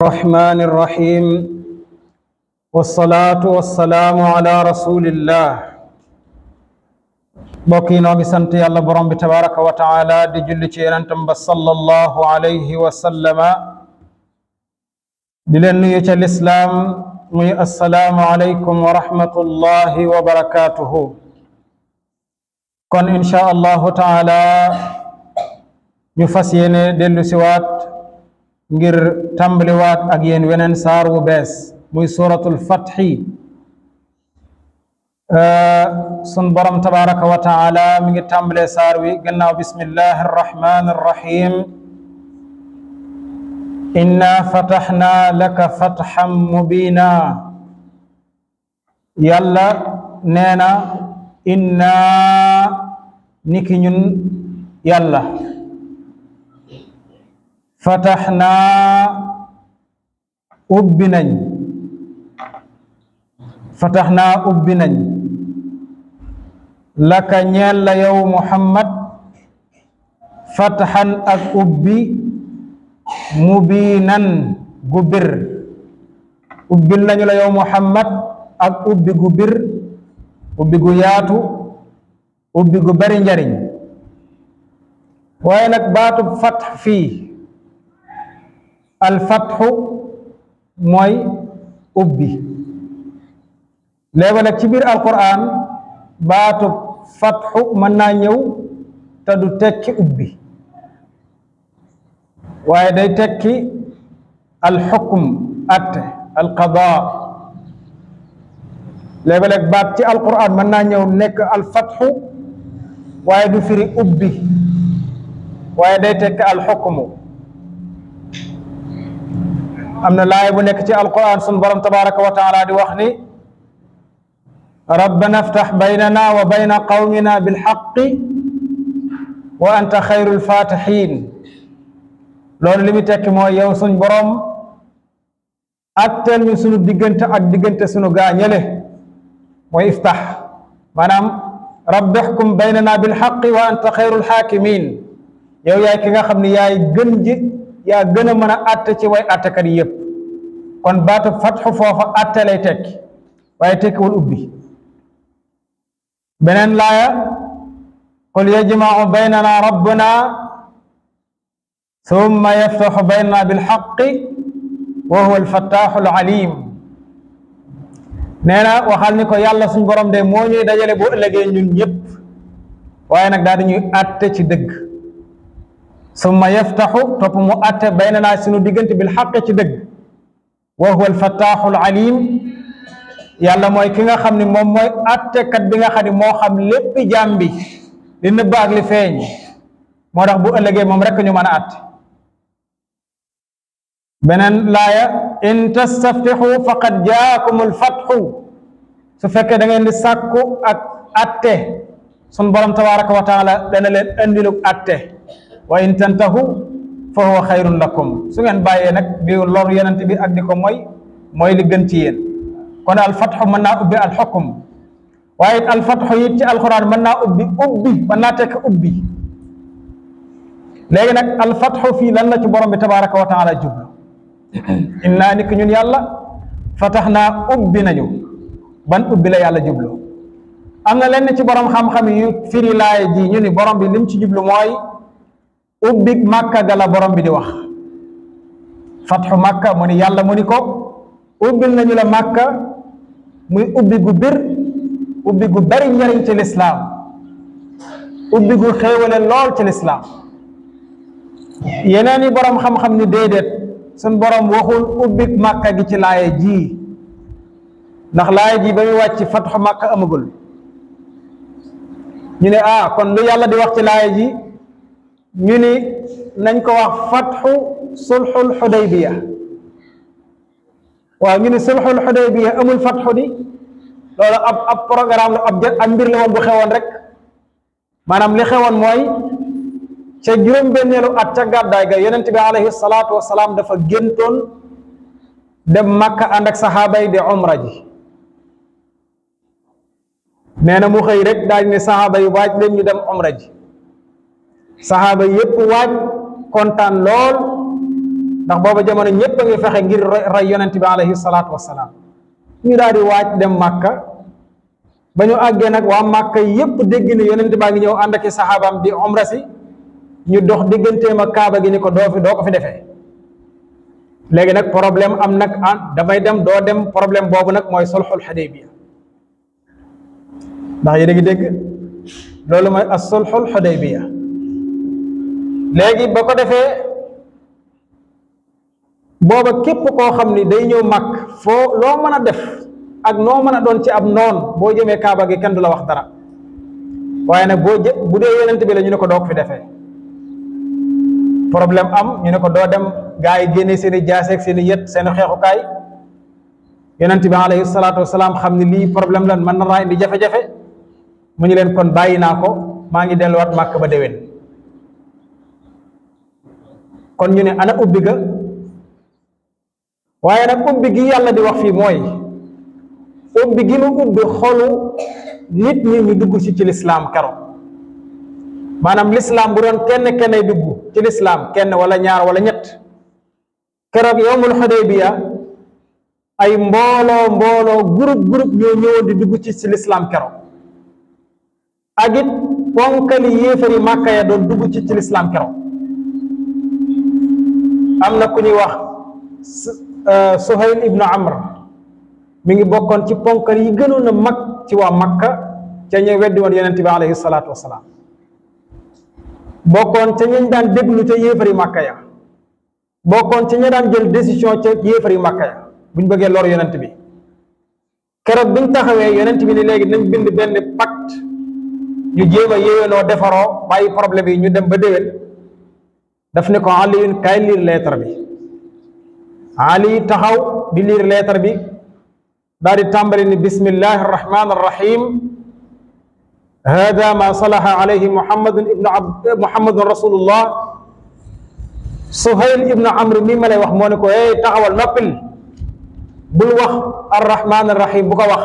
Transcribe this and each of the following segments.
الرحمن الرحيم والصلاة والسلام على رسول الله bokk yi noo ngi sant yàlla borom bi tabaraka wa taala di julli ci yonentam ba sallallahu alayhi wa sallama di leen nuyu ca lislaam muy assalaamu alaykum wa rahmatullahi wa barakatuhu kon insha allahu taala ñu fas yéene dellu siwaat ngir tàmbaliwaat ak yéen weneen saar wu bees muy suuratul fatxi euh, sun borom tabaraka wa taala mi ngi tàmbalee saar wi gannaaw bismillahi arrahmani arrahim inna fataxna laka fatxan mubina yàlla nee na inna niki ñun yàlla fataxna ubbi nañ fataxna ubbi nañ laka ñeel la yow muhammad fatxan ak ubbi mubiinan gu bir ubbil nañu la yow muhammad ak ubbi gu bir ubbi gu yaatu ubbi gu bari njariñ waaye nag baatub fatx fii alfatxu mooy ubbi léeg-léeg ci biir alquran baatub fatxu mën naa ñëw te du tekki ubbi waaye day tekki alxukm atte alqada léeg-léeg baat ci alquran mën naa ñëw nekk alfatxu waaye du firi ubbi waaye day tekki alxukmu am na laay bu nekk ci alquran sun borom tabaraka wa taala di wax ni rabbana aftax baynana wa bayna qawmina bilxaqi wa anta xayrul fatihin loolu li mu tekki mooy yow suñ borom atteel ñu sunu diggante ak diggante sunu gaañale mooy iftax maanaam rabbi xkum baynana bilxaqi wa anta xayrul xaakimin yow yaay ki nga xam ne yaay gën ji yaa gën a mën a atte ci way attekat yëpp kon baatu fatxu foofa atte lay tekki waaye tekkiwul ubbi beneen laaya qul yajmau baynana rabbuna summa yaftaxu baynana bilxaqi wa huwa alfattaxu alalim nee na waxal ni ko yàlla suñ borom de moo ñuy dajale bu ëllëgee ñun ñëpp waaye nag daal di ñuy dëgg summa yaftaxu topp mu atte baynanaa sunu diggante bil xaq ci dëgg wa huwa alfattaaxu alalim yàlla mooy ki nga xam ne moom mooy attekat bi nga xam ne moo xam lépp jaam bi li nëbb ak li feeñ moo tax bu ëllëgee moom rekk ñu mën a atte beneen laaya in tastaftixu faqad jaakum alfatxu su fekkee da ngeen di ak atte sun borom tabaraka wa taala dana leen andilu atte wa in tantahu fa huwa xayrun lakum su ngeen bàyyee nag di lor yonent bi ak ko moy mooy li gën ci yéen kon alfatxu mën naa ubbi alxukum waaye it alfatxu it ci alxuraan mën naa ubbi ubbi mën naa tekk ubbi léegi nag alfatxu fii lan la ci borom bi tabaraka wa taala jublu innaa ni ki ñun yàlla fatax naa ubbi nañu ban ubbi la yàlla jublu am na lenn ci borom xam-xam yu firi ji ñu borom bi lim ci jublu mooy ubbig màkka ga la borom bi di wax xu màkka mu ni yàlla mu ni ko ubbil nañu la màkka muy ubbi gu bir ubbi gu bari njariñ ci lislaam ubbi gu xéewale lool ci lislaam yeneen i boroom xam-xam ni déedéet suñ boroom waxul ubbig màkka gi ci laaya ji ndax laaya ji ba muy wàcc fatxu màkka amagul ñu ne ah kon lu yàlla di wax ci laaya ji ñu ni nañ ko wax fatxu sulxul xudaybiya waaw ñu ni sulxul xudaybiya amul fatxu di loolu ab programme la ab ab mbir moom bu xewoon rek maanaam li xewoon mooy ca juróom-benneelu at ca gàddaay ga yonent bi alayhi salaatu wasalaam dafa géntoon dem Makka ànd ak saxaaba yi di umra ji mu xëy rek daañu ne saxaaba yi waaj leen ñu dem umra ji saxaaba yëpp waaj kontaan lool ndax boobu jamono ñëpp a ngi fexe ngir rey yonent bi alayhi salaatu wassalaam ñu daal di waaj dem màkka ba ñu àggee nag waa màkka yëpp dégg ne yonent baa ngi ñëw ànd ak i saxaabaam di omra ñu dox digganteem ak kaaba gi ni ko doo fi doo ko fi defee léegi nag problème am nag ah damay dem doo dem problème boobu nag mooy sulxul xudaybiya ndax yéen a ngi dégg loolu mooy as sulxul xudaybiya léegi ba ko defee booba képp koo xam ni day ñëw màkk foo loo mën a def ak noo mën a doon ci ab noon boo jëmee kaaba gi kenn du la wax dara waaye nag boo jë bu dee yonent bi la ñu ne ko doog fi defee problème am ñu ne ko doo dem gaa yi génne seen i jaaseeg seen i yët seen i xeexukaay yonent bi alayhi salaatu wasalaam xam ne lii problème lan mën na raa indi jafe-jafe mu ñu leen kon bàyyi naa ko maa ngi delluwaat màkk ba déwén kon ñu ne ana ubbi ga waaye nag ubbi gi yàlla di wax fii mooy ubbi gi mu ubbi xolu nit ñi ñu dugg si ci lislaam kero maanaam lislaam bu doon kenn kennay dugg ci lislaam kenn wala ñaar wala ñett keroog yowmul xudaybiya ay mbooloo mbooloo groupe groupe ñoo ñëwoon di dugg ci si lislaam keroog ak ponkali yéefari màkka ya doon dugg ci ci lislaam keroog am na ku ñuy wax euh, Suhayl ibnu Amr mu ngi bokkoon ci ponkal yi gënoon na mag ci waa Makka ca ñuy weddi woon yonent bi alayhi salaatu wasalaam bokkoon ca ñañ daan déglu ca yéefari Makka ya bokkoon ca ña daan jël décision ca yi Makka ya ñu bëggee lor yonent bi keroog biñ taxawee yonent bi ni léegi nañ bind benn pacte ñu jéem a yéwénoo defaroo bàyyi problème yi ñu dem ba déwén daf ne ko Aliyun kaay liir leetar bi Ali taxaw di liir leetar bi daal di tàmbali ni bismillahi arrahmani arrahim hada ma salaha alayhi muhammadun ibnu muhammadun rasulullah suhayl ibnu amr mi ma lay wax moo ne ko hey taxawal noppil bul wax arrahman arrahim bu ko wax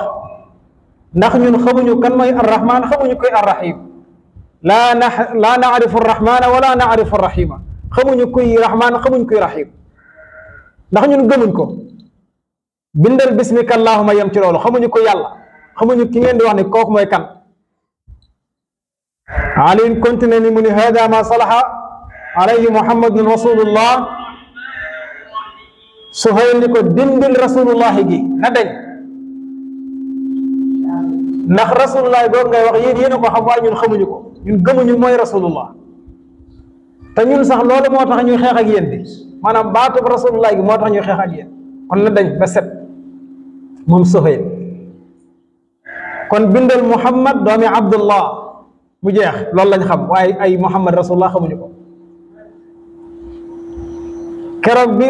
ndax ñun xamuñu kan mooy arrahman xamuñu koy arrahim laa na laa naarifu arrahmana wala naarifu arrahima xamuñu kuy rahmaan xamuñ kuy rahim ndax ñun gëmuñ ko bindal bismika allahuma yem ci loolu xamuñu ko yàlla xamuñu ki ngeen di wax ne kooku mooy kan aliin continue mu ni hada ma salaha alayhi muhammadun rasulullah suhayl ni ko dindil rasulullahi gi na dañ ndax rasulullahi googu ngay wax yéen yéen a ko xam xamuñu ko ñun gëmuñu mooy rasulullah te ñun sax loolu moo tax ñuy xeex ak yéen bi maanaam baatub rasulullah gi moo tax ñuy xeex ak yéen kon na dañ ba set moom Suhayl kon bindal Muhammad doomi Abdullah mu jeex loolu lañ xam waaye ay Muhammad rasulullah xamuñu ko keroog bi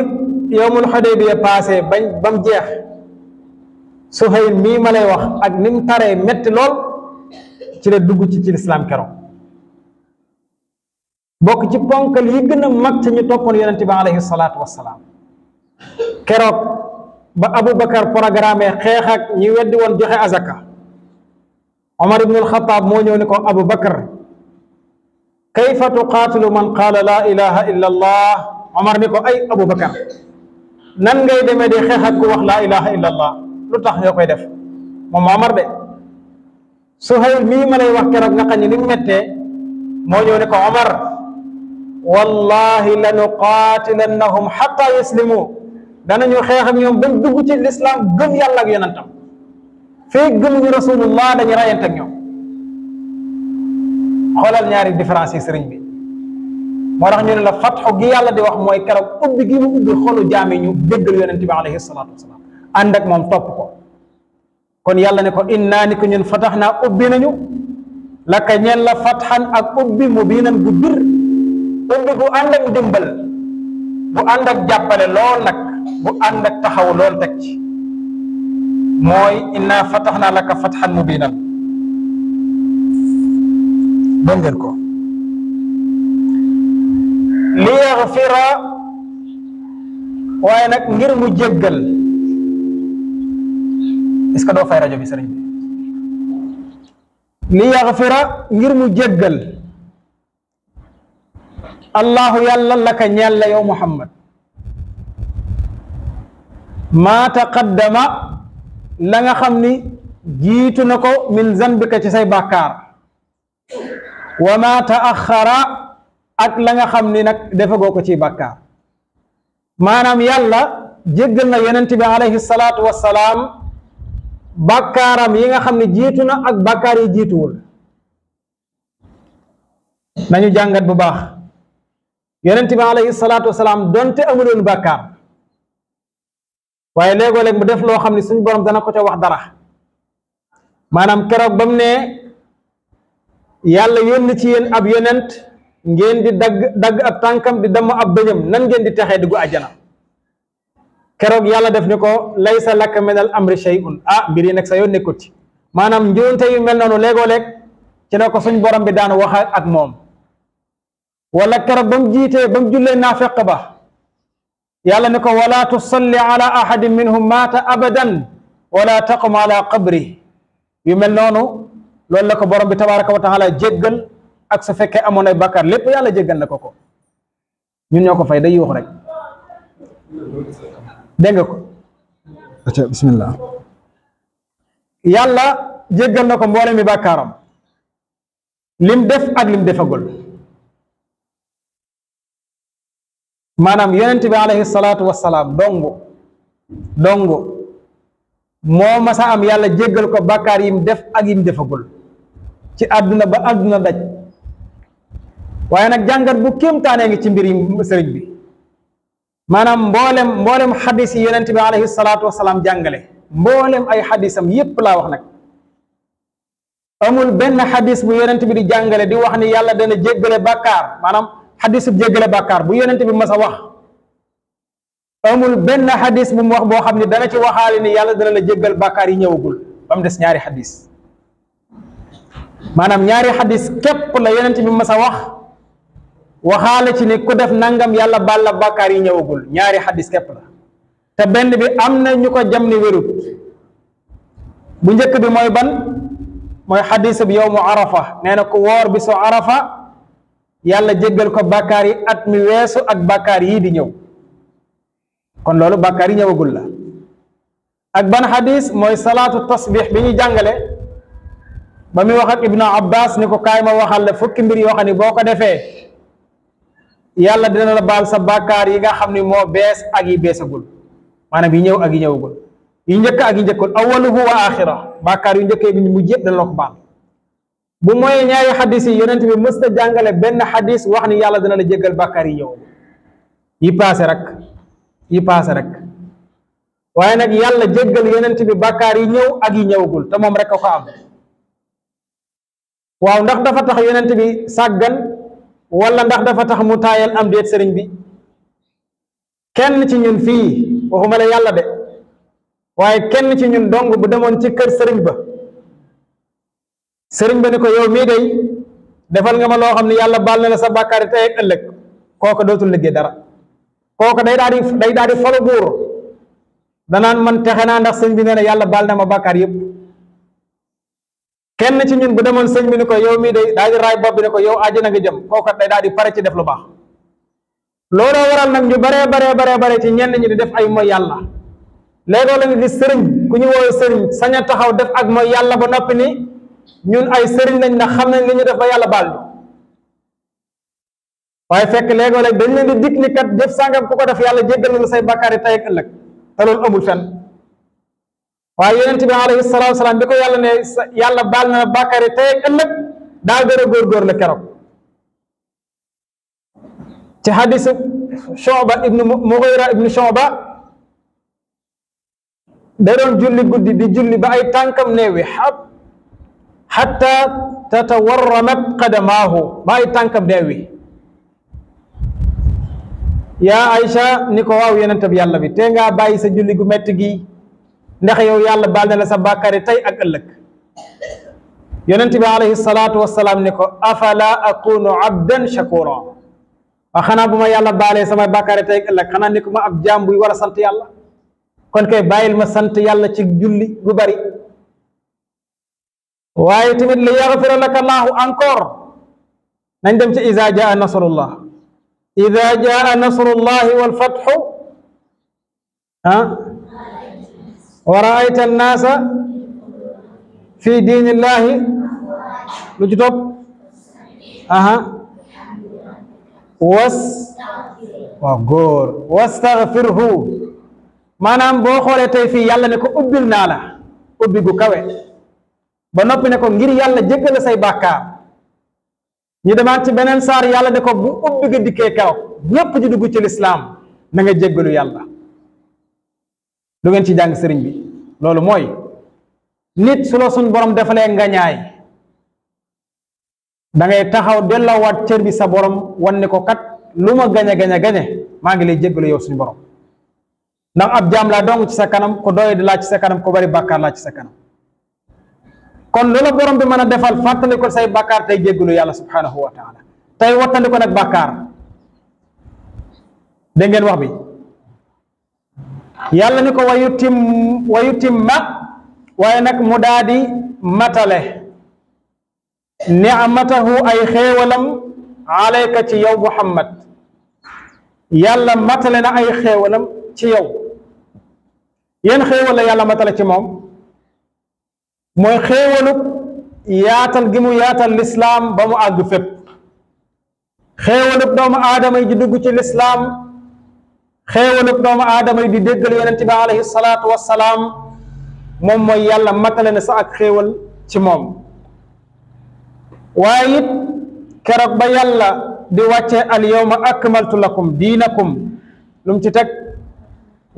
yowmul Xudaybiya passé bañ bam jeex Suhayl mii ma wax ak ni tare metti lool ci la dugg ci ci lislaam keroog bokk ci ponkal yi gën a mag te ñu toppoon yonent bi alayhi salaatu wassalaam keroog ba Aboubacar programme xeex ak ñi weddi woon joxe azaka Omar ibn al-Khattab moo ñëw ne ko Aboubacar kayfa tuqaatilu man qaala laa ilaha illa allah Omar ni nan ngay demee di xeex ak wax laa ilaha illa lu tax ñoo koy def moom Omar de Suhayl mii ma lay wax keroog naqañi ni mu méttee moo ñëw ne ko Omar wallahi lanuqatilannahum xatta yaslimu danañu xeex ak ñoom bañ dugg ci lislaam gëm yàlla ak yonentam fii gëmuñu rasulullah dañu rayante ak ñoom xoolal ñaari différence yi sëriñ bi moo tax ñu ne la fatxu gi yàlla di wax mooy keroog ubbi gi mu ubbi xolu jaam ñu déggal yonent bi alayhi salaatu wasalaam ànd moom topp ko kon yàlla ne ko innaa ni ko ñun fatax naa ubbi nañu laka ñeen la fatxan ak ubbi mubiinan bu bir ubbi bu ànd ak dimbal bu ànd ak jàppale lool nag bu ànd taxawu taxaw lool teg mooy inna fataxna laka fatxan mubinan dégg ko li yaxfira waaye nag ngir mu jéggal est que doo fay rajo bi sëriñ bi li yaxfira ngir mu jéggal allahu yàlla la ka yow muhammad maa taqaddama la nga xam ni jiitu na ko min zanbika ci say bàkkaar wa maa taaxara ak la nga xam ni nag defagoo ko ci bàkkaar maanaam yàlla jéggal na yonent bi alayhi salaatu wa salaam bakkaaram yi nga xam ne jiitu na ak bàkkaar yi jiituwul nañu jàngat bu baax yonent bi alayhi salaatu wasalaam donte amuloon bàkkaar waaye léegoo-léeg mu def loo xam ne suñu borom dana ko ca wax dara maanaam keroog ba mu ne yàlla yónni ci yéen ab yonent ngeen di dagg dagg ab tànkam di damm ab bëñam nan ngeen di texee dugg àjjana keroog yàlla def ni ko laysa laka min al amri shay'un a ah, mbir yi nag sa yoo nekkut ci maanaam njuunte yu mel noonu léegoo-léeg ci la ko suñ borom bi daan wax ak moom wala keroog ba mu jiitee ba mu jullee naafeq ba yàlla ne ko wala tusalli ala ahadin minhum maata abadan wala taqum ala qabri yu mel noonu loolu la ko borom bi tabaraka wa taala ak su fekke amoon ay bàkkaar lépp yàlla jéggal na ko ko ñun ñoo ko fay day yuux rek dégg nga ko aca bismillah yàlla jéggal na ko mboole mi bàkkaaram lim def ak lim defagul maanaam yonent bi alayhi salaatu wasalaam dongu dongu moo masa am yàlla jéggal ko bàkkaar yim def ak yim defagul ci àdduna ba àdduna daj waaye nag jàngat bu kéemtaanee ngi ci mbir yi sëriñ bi maanaam mboolem mboolem xadis yi yonent bi alayhi salaatu wasalaam jàngale mboolem ay xadiisam yépp laa wax nag amul benn xadis bu yonent bi di jàngale di wax ni yàlla dana jéggale bàkkaar maanaam xadis bu jéggale bàkkaar bu yonent bi mas a wax amul benn xadis bu mu wax boo xam ne dana ci waxaale ni yàlla dana la jéggal bàkkaar yi ñëwagul ba mu des ñaari xadis maanaam ñaari xadis képp la yonent bi mas a wax waxaale ci ni ku def nangam yàlla baal la bàkkaar yi ñëwagul ñaari xadis képp la te benn bi am na ñu ko jam ni wérut bu njëkk bi mooy ban mooy xadis bi yow mu arafa nee na ku woor bi su arafa yàlla jéggal ko bàkkaar yi at mi weesu ak bàkkaar yii di ñëw kon loolu bàkkaar yi ñëwagul la ak ban xadis mooy salaatu tasbix bi ñu jàngale ba muy wax ak ibnu abbas ni ko kaay ma waxal la fukki mbir yoo xam ne boo ko defee yàlla dina la baal sa bàkkaar yi nga xam ni moo bees ak yi beesagul maanaam yi ñëw ak yi ñëwagul yi njëkk ak yi njëkkul awaluhu wa axira bàkkaar yu njëkk bi ñu mujj yëpp dana baal bu mooy ñaari xadis yi yonent bi mës na jàngale benn xadis wax ni yàlla dina la jéggal bàkkaar yi yow yi paase rek yi paase rek waaye nag yàlla jéggal yonent bi bàkkaar yi ñëw ak yi ñëwagul te moom rek a ko am waaw ndax dafa tax yonent bi sàggan wala ndax dafa tax mu taayal am de sëriñ bi kenn ci ñun fii waxuma la yàlla de waaye kenn ci ñun dong bu demoon ci kër sëriñ ba sëriñ ba ni ko yow mii day defal nga ma loo xam ne yàlla baal na la sa bàkkaari tey ak ëllëg kooka dootul liggéey dara kooka day daal day daal di falu buur danaan man texe naa ndax sëñ bi nee na yàlla baal na ma bàkkaar yëpp kenn ci ñun bu demoon sëñ bi ni koy yow mii day daal di raay bopp bi ne ko yow àjjana nga jëm kooka day daal di pare ci def lu baax looloo waral nag ñu baree baree baree bare ci ñenn ñi di def ay mooy yàlla léegoo la nga sëriñ ku ñu woowee sëriñ sañ a taxaw def ak mooy yàlla ba noppi ni ñun ay sëriñ lañ ndax xam nañ li def ba yàlla baal waaye fekk léegoo-léeg dañ leen di dig ni kat jëf sàngam ku ko def yàlla jéggal na la say bakkaari tey ak ëllëg te loolu amul fenn waaye yonent bi alayhi salaatu wa bi ko yàlla ne yàlla baal na la bakkaari tey ak ëllëg daa gën a la keroog ci hadisu Shuba ibnu Mughira ibnu Shuba day julli guddi di julli ba ay tànkam neewi xab hatta tatawarramat qadamaahu ba ay tànkam dee wi yaa Aïcha ni ko waaw yonentab yàlla bi te ngaa bàyyi sa julli gu metti gi ndax yow yàlla baal na la sa bàkkaari tey ak ëllëg yonent bi alayhi salaatu wasalaam ni ko afala akunu abdan shakura waa xanaa bu ma yàlla baalee samay bàkkaari tey ak ëllëg xanaa ni ko ma ab jaam buy war a sant yàlla kon kay bàyyil ma sant yàlla ci julli gu bari waaye tamit li yaxfira laka laahu encore nañ dem ci ida jaa nasrullah ida jaa nasrullahi walfatxu ah wa raayta annaasa fi diinillahi lu ci topp aha was waaw góor wastaxfirhu maanaam boo xoolee tey fii yàlla ne ko ubbil naa la ubbi gu kawe ba noppi ne ko ngir yàlla jëkkale say bàkkaar ñu demaat ci beneen saar yàlla ne ko bu ubbi nga dikkee kaw ñépp ci dugg ci lislaam na nga jéggalu yàlla lu ngeen ci jàng sëriñ bi loolu mooy nit su la suñ borom defalee ngañaay dangay da ngay taxaw delloowaat cër bi sa borom wan ne ko kat lu ma gañe gañe gañe maa ngi lay jéggalu yow suñu borom ndax ab jaam laa dong ci sa kanam ko doy di laa ci sa kanam ko bari bàkkaar laa ci sa kanam kon la borom bi mën a defal fàttali ko say bàkkaar tey jéggalu yàlla subhanahu wa taala tey wattandi ko nag bàkkaar dégg ngeen wax bi yàlla ni ko wayu tim wayu timma waaye nag mu daa di matale ni'matahu ay xéewalam alayka ci yow muhammad yàlla matale na ay xéewalam ci yow yéen xéewal yàlla matale ci moom mooy xéewalug yaatal gi mu yaatal lislaam ba mu àgg fépp xéewalug doomu aadama yi di dugg ci lislaam xéewalug doomu aadama yi di déggal yonent bi alayhi salaatu wassalaam moom mooy yàlla matale na sa ak xéewal ci moom waaye it keroog ba di wàcce al yawma akmaltu lakum diinakum lu ci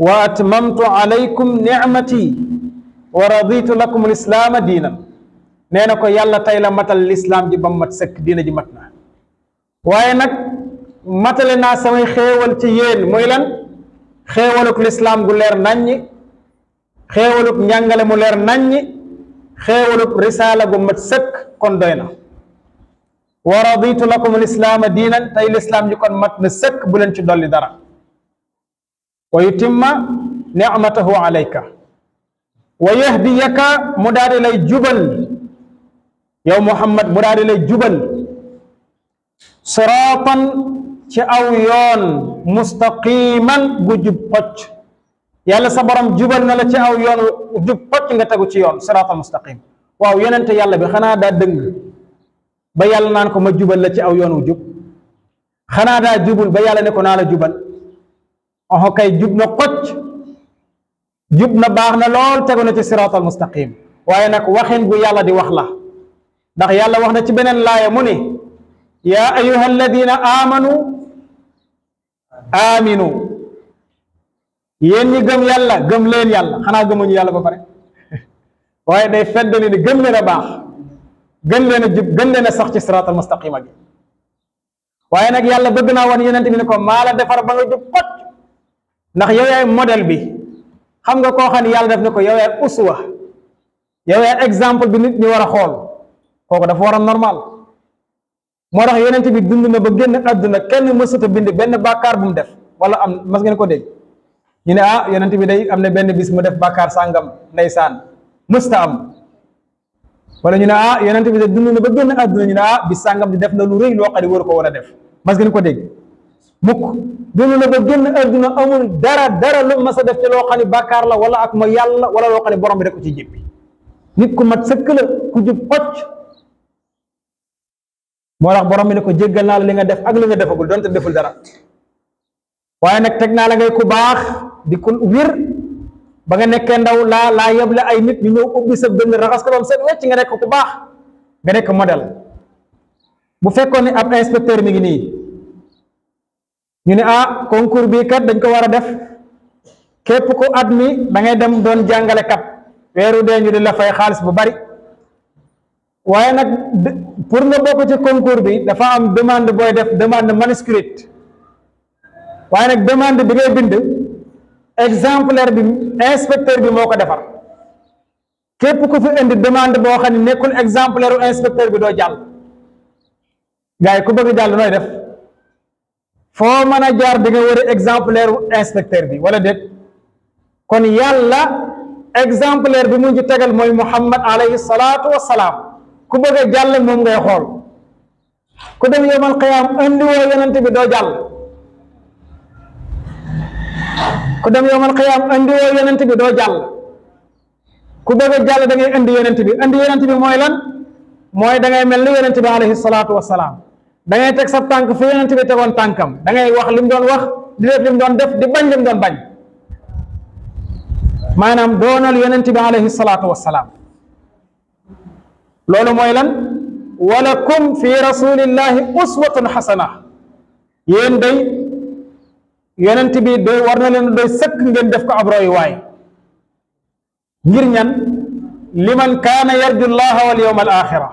wa atmamtu alaykum nicmati wa raditu lakum lislaama diinan nee na ko yàlla tey la matal lislaam ji ba mat sëkk diina ji mat na waaye nag matale naa samay xéewal ci yéen muy lan xéewaluk lislaam gu leer naññi xéewaluk njàngale mu leer nañ xéewaluk risaala gu mat sëkk kon doy na wa raditu lakum lislaama diinan tey lislaam ji kon mat na sëkk bu leen ci dolli dara wa yutimma nicmatahu alayka wa yahdiyaka mu daal di lay jubal yow Muhammad mu daal lay jubal siraatan ci aw yoon mustaqiman bu jub xocc yàlla sa borom jubal na la ci aw yoon jub xocc nga tegu ci yoon siraatan mustaqim waaw yonente yàlla bi xanaa daa dëng ba yàlla naan ko ma jubal la ci aw yoon wu jub xanaa daa jubul ba yàlla ne ko naa la jubal oxo kay jub na xocc jub na baax na lool tegu na ci siraatal mustaqim waaye nag waxin bu yàlla di wax la ndax yàlla wax na ci beneen laaya mu ne yaa ayuha alladina amanu aminu yéen ñi gëm yàlla gëm leen yàlla xanaa gëmuñu yàlla ba pare waaye day feddali ni gëm leen a baax gën leen a jub gën leen a sax ci siraatal mustaqima gi waaye nag yàlla bëgg naa wan yonent bi ne ko maa la defar ba nga jub xocc ndax yow yaay bi xam nga koo xam ne yàlla def na ko yow yaay uswa yow yaay exemple bi nit ñi war a xool kooku dafa war a normal moo tax yonent bi dund na ba génn àdduna kenn mësuta bind benn bàkkaar bu mu def wala am mas ngeen ko dégg ñu ne ah yonent bi day am na benn bis mu def bàkkaar sàngam ndeysaan mësta am wala ñu ne ah yonent bi de dund na ba génn àdduna ñu ne ah bis sàngam di def na lu rëy loo xam ne waru ko war a def mas ni ko dégg mukk dund na ba génn àdduna amul dara dara lu ma sa def ci loo xam ne bàkkaar la wala ak ma yàlla wala loo xam borom bi da ko ci jéppi nit ku mat sëkk la ku jub pocc moo tax borom bi ne ko jéggal naa la li nga def ak li nga defagul donte deful dara waaye nag teg naa la ngay ku baax di ku wir ba nga nekkee ndaw laa laa yeble ay nit ñu ñëw ubbi sa dënn raxas ko bam seet wecc nga nekk ku baax nga nekk modèle bu fekkoon ne ab inspecteur mi ngi nii ñu ne ah concours bi kat dañ ko war a def képp ku at mi da ngay dem doon jàngale kat weeru dee ñu di la fay xaalis bu bari waaye nag pour nga bokk ci concours bi dafa am demande booy def demande manuscrite waaye nag demande bi ngay bind exemplaire bi inspecteur bi moo ko defar képp ku fi indi demande boo xam ne nekkul exemplaire u inspecteur bi doo jàll gars ku bëgg jàll nooy def foo mën a jaar di nga war a exemplaire inspecteur bi wala déet kon yàlla exemplaire bi mu ci tegal mooy muhammad alayhi salaatu salaam ku bëgg a jàll moom ngay xool ku dem yomal qiyaam andi woo yonent bi doo jàll ku dem yomal qiyaam andi woo yonent bi doo jàll ku bëgg jàll da ngay andi yonent bi andi yonent bi lan mooy da ngay mel ni yonent bi alayhi salaatu wasalaam da ngay teg sa tànk fu yonent bi tegoon tànkam da wax li mu doon wax di def def di bañ li doon bañ maanaam doonal yonent bi alayhi salaatu wassalaam loolu mooy lan walakum fi rasulillahi uswatun xasana yéen day yonent bi doy war na leen doy sëkk ngeen def ko ab royuwaay ngir ñan liman kaana yarju llaha wal yawma al axira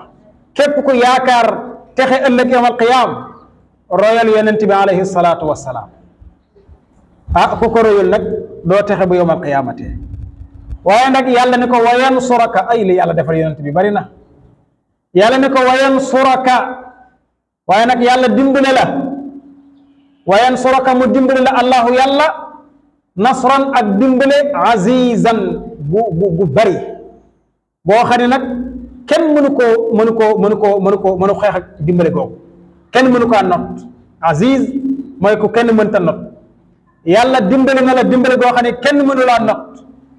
yaakaar texe ëllëg yawmal qiyaam royal yonent bi alayhi salaatu wassalaam ah ku ko royul nag doo texe bu yawmal qiyaamatee waaye nag yàlla ne ko wa yansuraka ay li yàlla defal yonent bi bari na yàlla ne ko wa yansuraka waaye nag yàlla dimbale la wa yansuraka mu dimbale la allahu yàlla nasran ak dimbale azizan bu bu bari boo xam kenn mënu koo mënu koo mënu koo mënu koo mënu xeex ak dimbale googu kenn mënu ko a not aziz mooy ku kenn mënta not yàlla dimbale na la dimbale goo xam ne kenn mënu laa not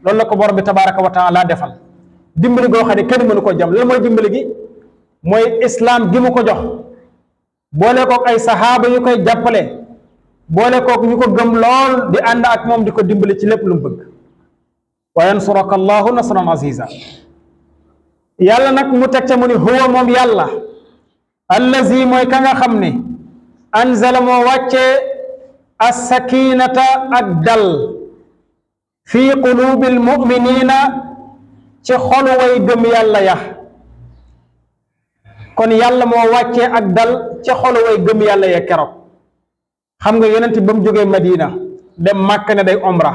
loolu la ko borom bi tabaraka wa taala defal dimbale goo xam ne kenn mënu koo jam lan mooy dimbale gi mooy islaam gi mu ko jox boole koog ay sahaaba yu koy jàppale boole koog ñu ko gëm lool di ànd ak moom di ko dimbale ci lépp lu mu bëgg wa yansuraka allahu nasran aziza yàlla nag mu teg ca mu ni huwa moom yàlla allazi mooy ka nga xam ne anzala moo wàccee assakinata ak dal fii qulubil muminina ci xolu way gëm yàlla ya kon yàlla moo wàccee ak dal ci xolu way gëm yàlla ya keroog xam nga yonent ba mu jógee Madina de màkk ne day omra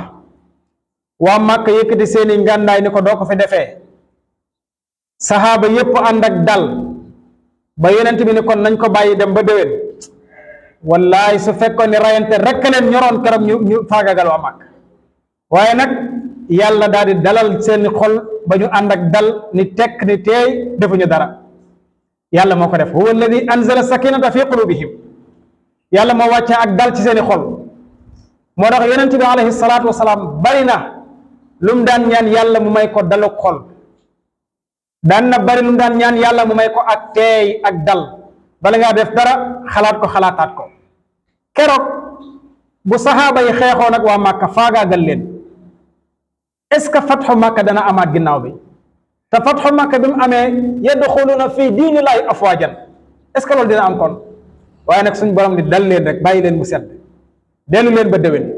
waa màkk yëkkati seeni ngàndaay ni ko doo ko fi defee saxaaba yépp ànd ak dal ba yonent bi ni kon nañ ko bàyyi dem ba déwén wallaay su fekkoon ne rayante rekk leen ñoroon keroog ñu ñu faagagal waa Màkka waaye nag yàlla daal di dalal seeni xol ba ñu ànd ak dal ni tekk ni teey defuñu dara yàlla moo ko def huwa alladi anzala sakinata fi qulubihim yàlla moo wàccee ak dal ci seeni xol moo tax yonent bi alayhi salaatu wasalaam bari na lu daan ñaan yàlla mu may ko daluk xol daan na bari lu mu daan ñaan yàlla mu may ko ak teey ak dal bala ngaa def dara xalaat ko xalaataat ko keroog bu saxaaba yi xeexoon ak waa màkka faagaagal leen est-ce que fatxu màkka dana amaat ginnaaw bi te fatxu màkka bi mu amee na fii diinillaahi afwaajan est-ce que loolu dina am koon waaye nag suñ borom ni dal leen rek bàyyi leen mu sedd dellu leen ba déwén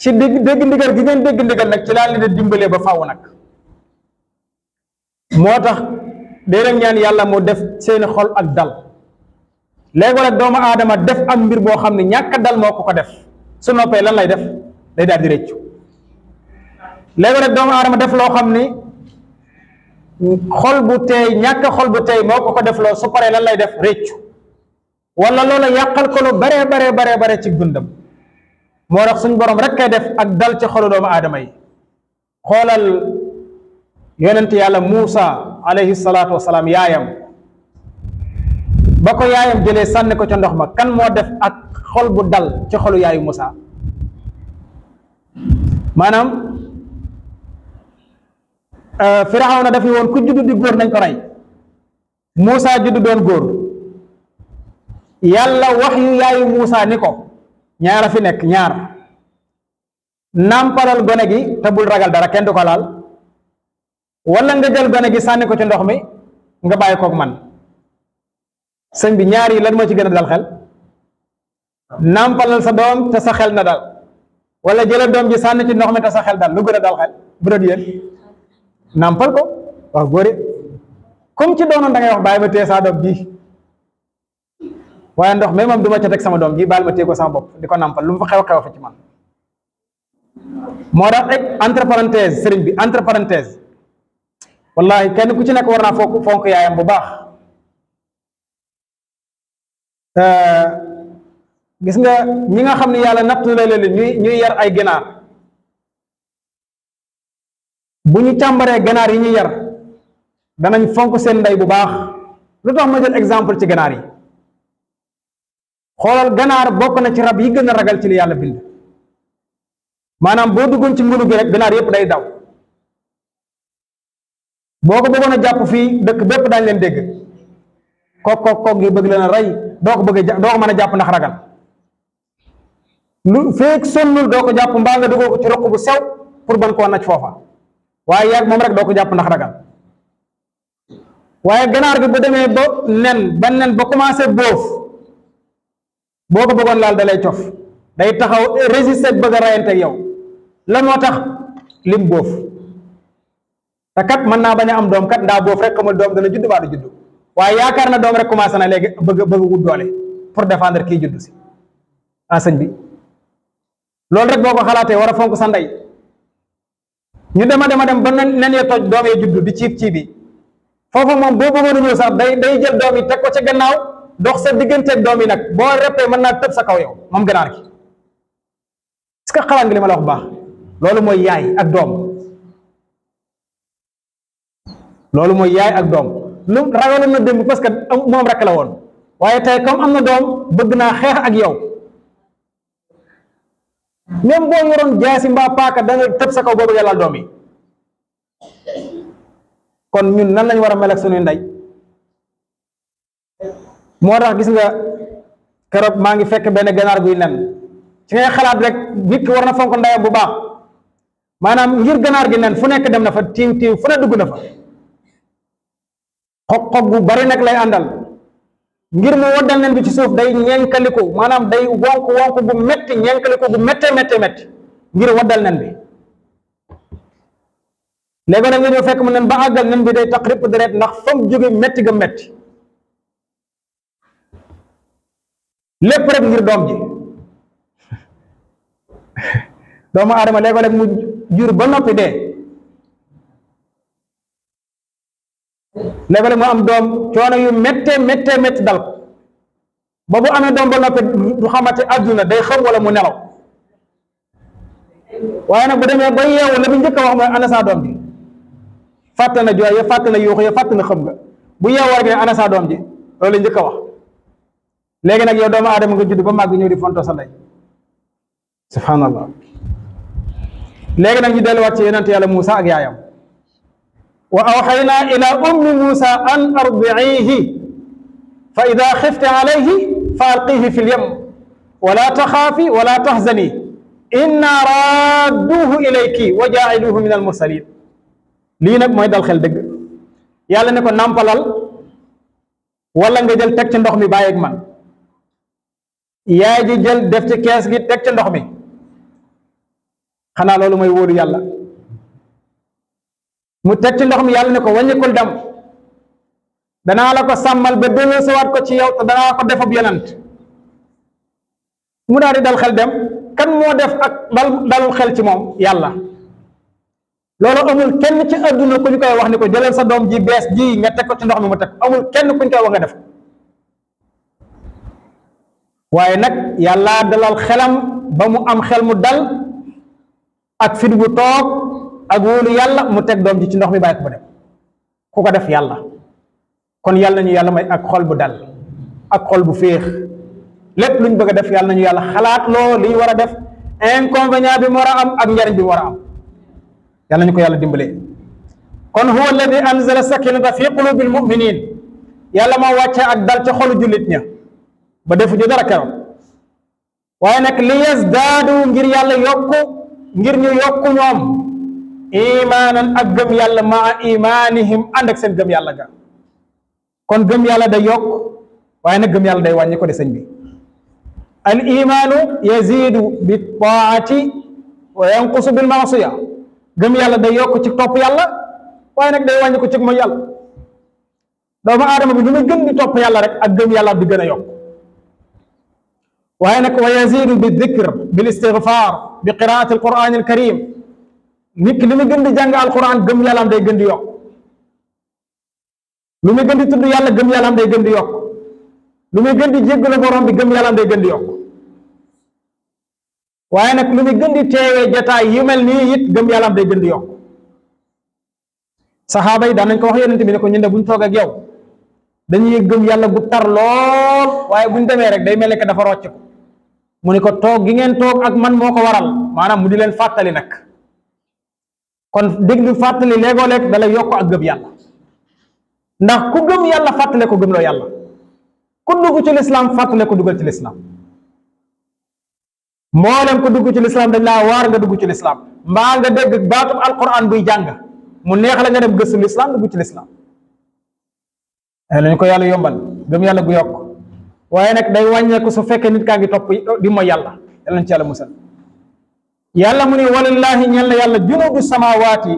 ci dégg dégg ndigal gi ngeen dégg ndigal nag ci laa leen di dimbalee ba faw nag moo tax day rek ñaan yàlla mu def seeni xol ak dal léegoo nag doomu aadama def am mbir boo xam ne ñàkk dal moo ko ko def su noppee lan lay def day daal di rëccu léegoo nag doomu aadama def loo xam ni xol bu teey ñàkk xol bu tey moo ko ko def loo su paree lan lay def rëccu wala loola yàqal ko lu baree baree baree bare ci gundam moo tax suñ boroom rek kay def ak dal ci xolu doomu aadama yi xoolal yonent yàlla Muusa alayhi salaatu salaam yaayam ba ko yaayam jëlee sànni ko ca ndox ma kan moo def ak xol bu dal ci xolu yaayu Muusa maanaam euh, na dafa woon ku juddu di góor nañ ko rey Muusa juddu doon góor yàlla wax yu yaayu Muusa ni ko ñaar a fi nekk ñaar nàmpalal gone gi te bul ragal dara kenn du ko laal wala nga jël gone gi sànni ko ci ndox mi nga bàyyi kook man sëñ bi ñaar yi la moo ci gën a dal xel nàmpalal sa doom te sa xel na dal wala jëlal doom ji sànni ci ndox mi ta sa xel dal lu gën a dal xel bu doon yéen nàmpal ko waaw góor it comme ci doonoon da ngay wax bàyyi ma téye saa doom ji waaye ndox mi moom du ma ca teg sama doom ji baal ma téye ko sama bopp di ko nàmpal lu mu fa xew xew fa ci man moo tax entre parenthèse sëriñ bi entre wallahi kenn ku ci nekk war naa fonk fonk yaayam bu baax gis nga ñi nga xam ne yàlla natt na leen ñuy yar ay ganaar bu ñu càmbaree ganaar yi ñuy yar danañ fonk seen ndey bu baax lu tax ma jël exemple ci ganaar yi xoolal ganaar bokk na ci rab yi gën a ragal ci li yàlla bind maanaam boo duggoon ci mburu gi rek ganaar yépp day daw boo ko bëggoon a jàpp fii dëkk bépp daañ leen dégg kook kook kook yi bëgg leen a rey doo ko bëgg doo ko mën a jàpp ndax ragal lu feek sonnul doo ko jàpp mbaa nga duggoo ko ci roq bu sew pour ban koo naj foofa waaye yàgg moom rek doo ko jàpp ndax ragal waaye ganaar bi bu demee ba nen ba nen ba boo ko bëggoon laal da lay cof day taxaw résister bëgg a rayante ak yow la moo tax lim boof te kat mën naa bañ a am doom kat ndaa boof rek xamul doom dana judd baa du judd waaye yaakaar na doom rek commencé na léegi bëgg bëgg wut pour défendre kii judd si ah, bi loolu boo ko xalaatee war a fonk sa ndey ñu dema dema dem ba nen ya toj doom ya judd di ciib ciib bi foofu moom boo bëggoon a ñëw sax day day jël doom yi teg ko ci gannaaw dox sa digganteeg doom yi nag boo reppee mën naa tëb sa kaw yaw moom ganaar ki est-ce que xalaat nga li ma la wax baax loolu mooy yaay ak doom loolu mooy yaay ak doom lu ragaloon a démb parce que moom rek la woon waaye tey comme am na doom bëgg naa xeex ak yow même boo yoroon jaasi mbaa paaka da nga tëb sa kaw boo bëggee laal doom yi kon ñun nan lañ war a mel ak suñuy ndey moo tax gis nga keroog maa ngi fekk benn ganaar guy nen ci ngay xalaat rek bi ki war na fonk ndeyam bu baax maanaam ngir ganaar gi nen fu nekk dem na fa tiiw tiiw fu ne dugg na fa xog-xog bu bari nag lay àndal ngir mu waddal nen bi ci suuf day ñenkaliku maanaam day wonk wonk bu metti ñenkaliku bu mette mette metti ngir waddal nen bi léegi nag nga fekk mu nen ba àggal nen bi day tax ripp deret ndax fam jóge metti ga metti lépp rek ngir doom ji doomu aadama léegi nag mu jur ba noppi de léeg-léeg mu am doom coono yu méttee méttee métti dal ba bu amee doom ba noppi du xamante àdduna day xam wala mu nelaw waaye nag bu demee ba yeewu la bi njëkk wax mooy ana doom ji fàtte na jooy ya fàtte na yuux ya fàtte na xam nga bu yeewoo rek ne ana doom ji loolu la njëkk wax léegi nag yoo doomu aadama nga judd ba màgg ñëw di fonto sa ndey subhanallah léegi nag ñu delluwaat ci yonent yàlla Moussa ak yaayam وأوحينا إلى أم موسى أن أرضعيه فإذا خفت عليه فألقيه في اليم ولا تخافي ولا تحزني إنا رادوه إليك وجاعلوه من المرسلين lii nag mooy dal xel dëgg yàlla ne ko nàmpalal walla nga jël teg ci ndox mi bàyyeeg man yaay ji jël def ci kees gi teg ci ndox mi xanaa loolu mooy wóolu yàlla mu teg ci ndox mi yàlla ne ko wàññikul dem danaa la ko sàmmal ba delloosiwaat ko ci yow te danaa ko defab yonent mu daal di dal xel dem kan moo def ak dal dalul xel ci moom yàlla loolu amul kenn ci adduna ku koy wax ni ko jëlal sa doom ji bees ji nga teg ko ci ndox mi mu teg amul kenn ku ñu koy wax nga def waaye nag yàlla dalal xelam ba mu am xel mu dal ak fit bu toog ak wóolu yàlla mu teg doom ji ci ndox mi bàyyi ko mu dem ku ko def yàlla kon yàlla nañu yàlla may ak xol bu dal ak xol bu feex lépp luñ bëgg a def yàlla nañu yàlla xalaat loo liñ war a def inconvénient bi war a am ak njariñ bi war a am yàlla nañu ko yàlla dimbalee kon huwa alladi anzala sakinata fi qulubil muminin yàlla moo wàcce ak dal ca xolu jullit ña ba defu ñu dara keroog waaye nag li yasdaadu ngir yàlla yokku ngir ñu yokku ñoom imaanan ak gëm yàlla maa imaanihim ànd ak seen gëm yàlla ga kon gëm yàlla day yokk waaye nag gëm yàlla day wàññi ko de sëñ bi al imaanu yazidu bi taati wa yanqusu bil maasiya gëm yàlla day yokk ci topp yàlla waaye nag day wàññi ko ci mooy yàlla doomu aadama bi lu muy gën di topp yàlla rek ak gëm yàlla di gën a yokk waaye nag wa yazidu bi dikr bil istigfaar bi qiraati al quraan al karim nit ki li mu gën di jàng alxuraan gëm yàlla day gën di yokk lu muy gën di tudd gëm di yokk lu muy gën di jéggalu borom bi gëm yàlla day gën di yokk waaye nag lu muy gën teewee jataay yu mel nii it gëm yàlla day gënd di yokk saxaaba yi daan ko wax yonent bi ne ko ñun de buñ toog ak yow dañuy gëm yàlla gu tar lool waaye buñ demee rek day mel ni que dafa rocc mu ne ko toog gi ngeen toog ak man moo ko waral maanaam mu di leen fàttali nag. kon déglu fàttali léegoo leeg da lay yokk ak gëm yàlla ndax ku gëm yàlla fàttale ko gëmloo yàlla ku dugg ci lislaam fàttale ko dugal ci lislaam mboolem ku dugg ci lislaam dañ laa waar nga dugg ci lislaam mbaa nga dégg baatum alquran buy jàng mu neex la nga dem gëstu lislaam dugg ci lislaam eh, lañ ko yàlla yombal gëm yàlla gu yokk waaye nag day wàññeeku su fekkee nit kaa ngi topp di mooy yàlla yàlla nañ ci yàlla musal yàlla mu ne walillaahi ñel na yàlla junubu samaawaati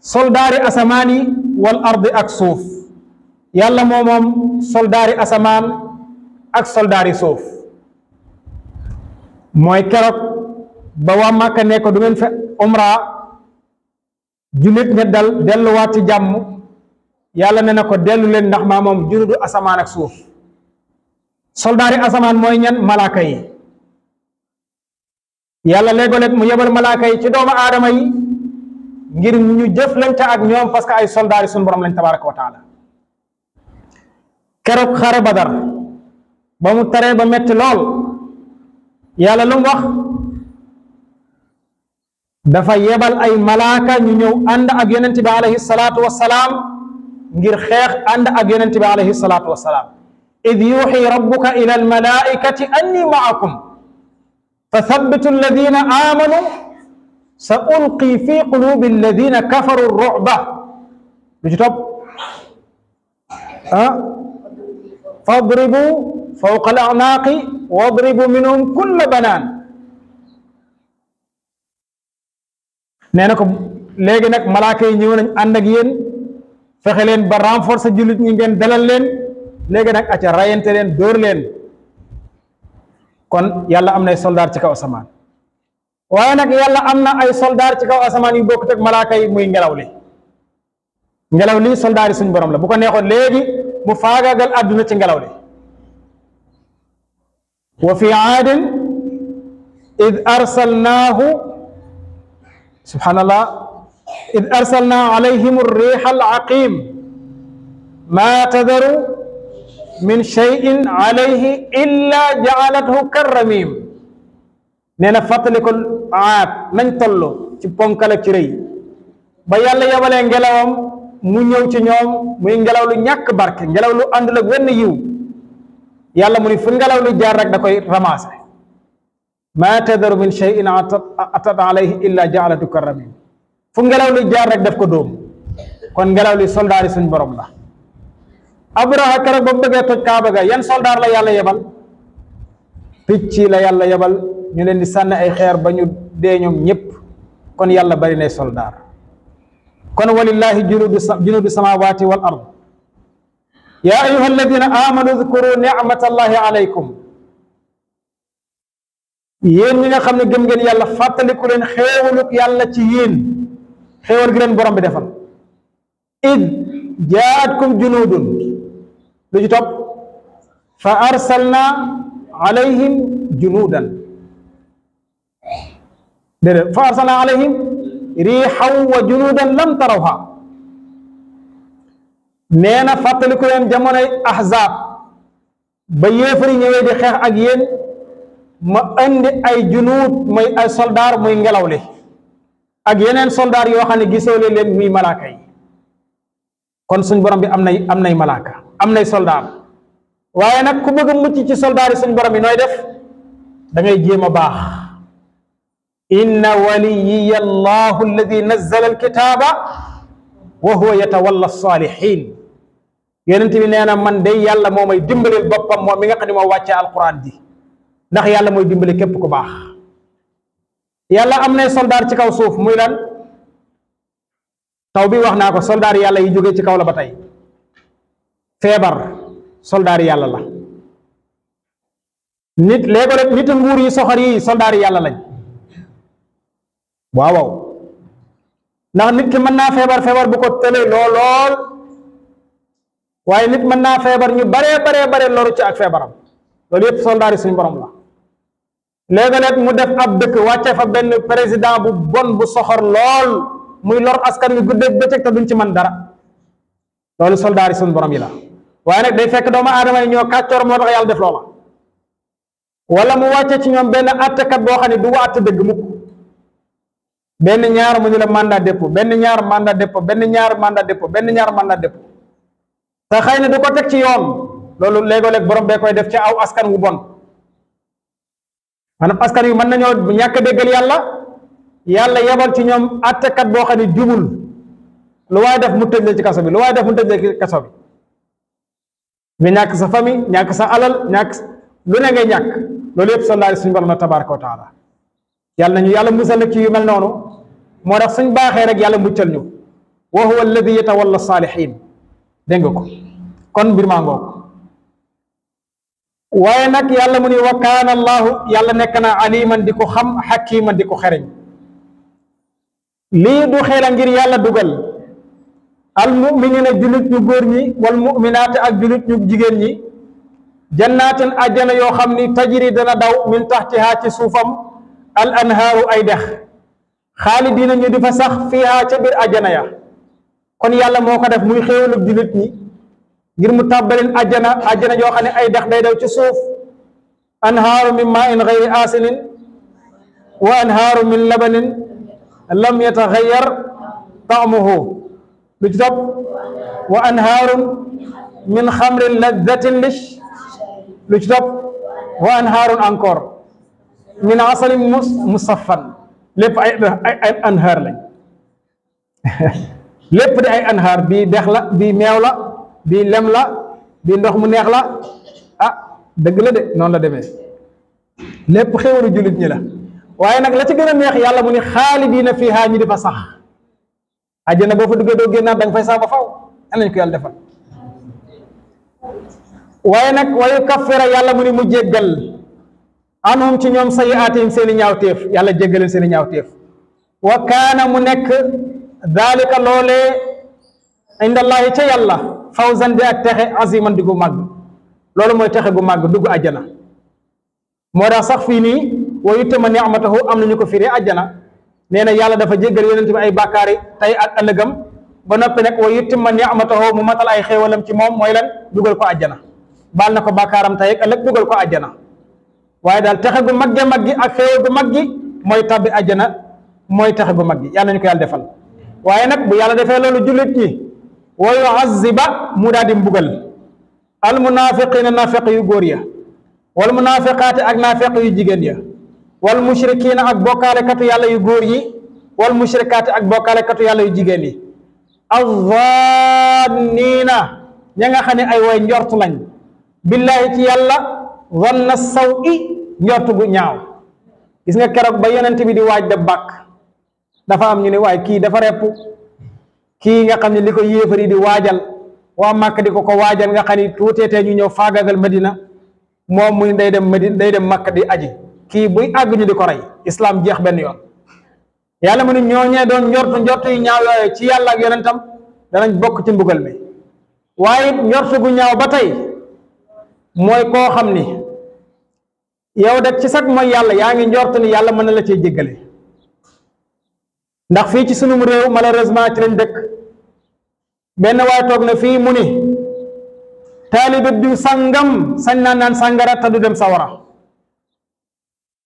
soldaari asamaan yi wal ardi ak suuf yàlla moo moom soldaari asamaan ak soldaari suuf mooy keroog ba waa Màkka ne ko du ngeen fe umra jullit ña dal delluwaat ci jàmm yàlla ne na ko dellu leen ndax maa moom junubu asamaan ak suuf soldaari asamaan mooy ñan malaaka yi yàlla léeg-léeg mu yebal malaaka yi ci doomu aadama ngir ñu jëflante ak ñoom parce que soldaari suñu borom lañ tabaraka wa taala keroog xare badar ba mu taree ba metti lool yàlla lu dafa yebal ay malaaka ñu ñëw ànd ak yonent bi alayhi salaatu wassalaam ngir xeex ànd ak yonent bi alayhi salaatu wassalaam id yuuxi rabbuka ila almalaikati anni maakum فثبتوا الذين آمنوا سألقي في قلوب الذين كفروا الرعب Did you stop? Huh? فاضربوا فوق الأعناق واضربوا منهم كل بنان nee na ko léegi nag malaaka yi ñëw nañ ànd ak yéen fexe leen ba renforcer jullit ñi ngeen dalal leen léegi nag aca rayante leen dóor leen kon yàlla am na ay soldaar ci kaw asamaan waaye nag yàlla am na ay soldaar ci kaw asamaan yu bokkut ak malaaka yi muy ngelaw li ngelaw li soldaar yi suñ borom la bu ko neexoon léegi mu faagaagal àdduna ci ngelaw li wa fi aadin id arsalnaahu subhaanallah id arsalnaa alayhim arriixa alaqim ma tadaru min shay'in alayhi illa jaalathu karramim nee na fàttalikul aat nañ toll ci ponkal ak ci rëy ba yàlla yabalee ngelawam mu ñëw ci ñoom muy ngelaw lu ñàkk barke ngelaw lu àndul ak wenn yiw yàlla mu ni fu ngelaw lu jaar rek da koy ramassé maa tadaru min shay'in atat alayhi illa jaalatu karramim fu ngelaw lu jaar rek def ko doom kon ngelaw li soldaari suñ borom la abraha keroog ba mu bëggee toj kaaba ga yan soldaar la yàlla yebal picc la yàlla yebal ñu leen di sànni ay xeer ba ñu dee ñoom ñépp kon yàlla bari nay soldaar kon walillahi junudu junudu samawati wal ard ya ayuha alladina amanu udkuru nicmatallahi alaykum yéen ñi nga xam ne gëm ngeen yàlla fàttaliku leen xéewaluk yàlla ci yéen xéewal gi leen borom bi defal id jaatkum junudun lu ci topp fa arsalna alayhim junuudan déedéet fa arsalna alayhim riixaw wa junuudan lam tarawha nee na fàttaliku leen jamonoy ahzaab ba yéefari ñëwee di xeex ak yéen ma indi ay junuud muy ay soldaar muy ngelaw li ak yeneen soldaar yoo xam ne gisoo leen muy malaaka yi kon suñ borom bi am nay am nay malaaka am nay soldaar waaye nag ku bëgg a mucc ci soldaar yi suñ borom yi nooy def da ngay jéem a baax inna waliyiya allahu alladi nazzala alkitaaba wa huwa yatawalla saalihin yonent bi nee na man day yàlla moo may dimbali boppam moom mi nga xam ne moo wàccee alquran di ndax yàlla mooy dimbali képp ku baax yàlla am nay soldaar ci kaw suuf muy lan taw bi wax naa ko soldaar yàlla yi jógee ci kaw la ba tey feebar soldaar yàlla la nit léeg-léeg nit nguur yi soxor yi soldaar yàlla lañ waaw ndax nit ki mën naa feebar feebar bu ko tëlee lool lool waaye nit mën naa feebar ñu baree baree bare loru ci ak feebaram loolu yëpp soldaar yi suñu borom la léeg mu def ab dëkk wàccee fa benn président bu bon bu soxor lool muy lor askan wi guddeeg bëccëg te duñ ci mën dara loolu soldaar suñ borom yi la waa nag day fekk doomu aadama yi ñoo kàccoor moo tax yàlla def loola wala mu wàcce ci ñoom benn àttekat boo xam ne du àtte dëgg mukk benn ñaar mu ñu la mandat dépôt benn ñaar mandat dépôt benn ñaar mandat dépôt benn ñaar mandat dépôt xëy na du ko teg ci yoon loolu léegoo-léeg borom bee koy def ci aw askan wu bon maanaam askan wi mën nañoo ñàkk déggal yàlla yàlla yebal ci ñoom àttekat boo xam ne jubul lu waaye def mu tëj la ci kaso bi lu waaye def mu tëj la ci kaso bi nga ñàkk sa famille ñàkk sa alal ñàkk lu ne ñàkk loolu yépp sa suñu borom la tabaraka wa taala yàlla nañu yàlla musal nag ci mel noonu moo tax suñ baaxee rek yàlla muccal ñu wa huwa alladi yatawalla saalihin ko kon mbir maa nag yàlla mu ni wa kaana allaahu yàlla nekk na aliman di ko xam xakiman di ko xereñ lii du xel a ngir yàlla dugal al muminina jullit ñu góor ñi wal muminaati ak jullit ñu jigéen ñi jannaatin àjjana yoo xam ni tajiri dana daw min taxtihaa ci suufam al anhaaru ay dex xaalidiina ñu di fa sax fiihaa ca biir àjjana ya kon yàlla moo ko def muy xéewalub jullit ñi ngir mu tàbbaleen àjjana àjjana yoo xam ne ay dex day daw ci suuf anhaaru min maa in gayri aasinin wa anhaaru min labanin lam yataxayyar taamuhu bi ci topp wa anhaarun min xamrin lazzatin lish lu ci topp wa anhaarun encore min asalin mus musaffan lépp ay ay anhaar lépp di ay anhaar bi dex la bii meew la bii lem la bi ndox mu neex la ah dëgg la de noonu la demee lépp xéwalu jullit ñi la waaye nag la ci gën a neex yàlla mu ni xaalidiina fiihaa ñu di fa sax àjjana boo fa duggee doo génnaat da nga fay saaba faw am nañ ko yàlla defal waaye nag wayu kaffira yàlla mu ni mu jéggal anhum ci ñoom sayi aatihim seen ñaawteef yàlla jéggaleen seen i ñaawteef wa kaana mu nekk daalika loolee indallahi ca yàlla fawzan di ak texe aziman di gu màgg loolu mooy texe gu màgg dugg àjjana moo tax sax fii nii wayu tama ni'matahu am nañu ko firee àjjana nee na yàlla dafa jéggal yonent bi ay bàkkaari tey ak ëllëgam ba noppi nag wa yutimma ni'matahu mu matal ay xéewalam ci moom mooy lan dugal ko àjjana baal na ko bàkkaaram tey ak ëllëg dugal ko àjjana waaye daal texe gu mag gi mag gi ak xéewal mag gi mooy tabbi àjjana mooy texe gu mag gi yàlla ko yàlla defal waaye nag bu yàlla defee loolu jullit ñi wa yu'azziba mu daal di mbugal al munaafiqiina naafeq yu góor ya wal munaafiqaati ak naafeq yu jigéen ya wal na ak bokkaalekatu yàlla yu góor yi wal mushrikaati ak bokkaalekatu yàlla yu jigéen yi azzanniina ña nga xam ne ay way njort lañ billaahi ci yàlla zanna saw i njort gu ñaaw gis nga keroog ba yeneen bi di waaj de bàkk dafa am ñu ne waaye kii dafa repp kii nga xam ne li ko yéefar yi di waajal waa màkk di ko ko waajal nga xam ne tuuteetee ñu ñëw faagagal madina moom muy day dem madina day dem màkk di aji kii buy àgg ñu di ko rey islaam jeex benn yoon yàlla mu ne ñooñee doon njortu njortu yu ñaaw yooyu ci yàlla ak yonentam danañ bokk ci mbugal mi waaye njortu gu ñaaw ba tey mooy koo xam ni yow de ci sax mooy yàlla yaa ngi njortu ni yàlla mën na la cee jéggale ndax fii ci sunum réew malheureusement ci lañ dëkk benn waaye toog na fii mu ni taalibe diw sàngam sañ naa naan sàngara te du dem sawara